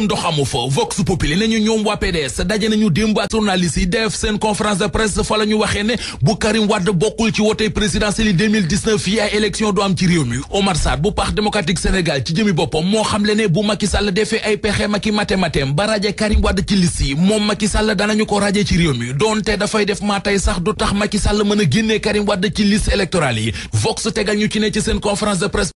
ndox fa vox populi nañu ñoom waa PDS daje nañu démb ak journaliste yi def seen conférence de presse fa la waxee ne bu Karim Wade bokkul ci wote présidentielle yi 2019 yi ay élection du am ci réew mi Omar bu Parti démocratique Sénégal ci jëmi boppam moo xam ne bu Macky Sall defee ay pexe Macky matematem ba raje Karim Wade ci liste yi moom Macky Sall danañu ko raje ci réew mi doonte dafay def maa tey sax du tax a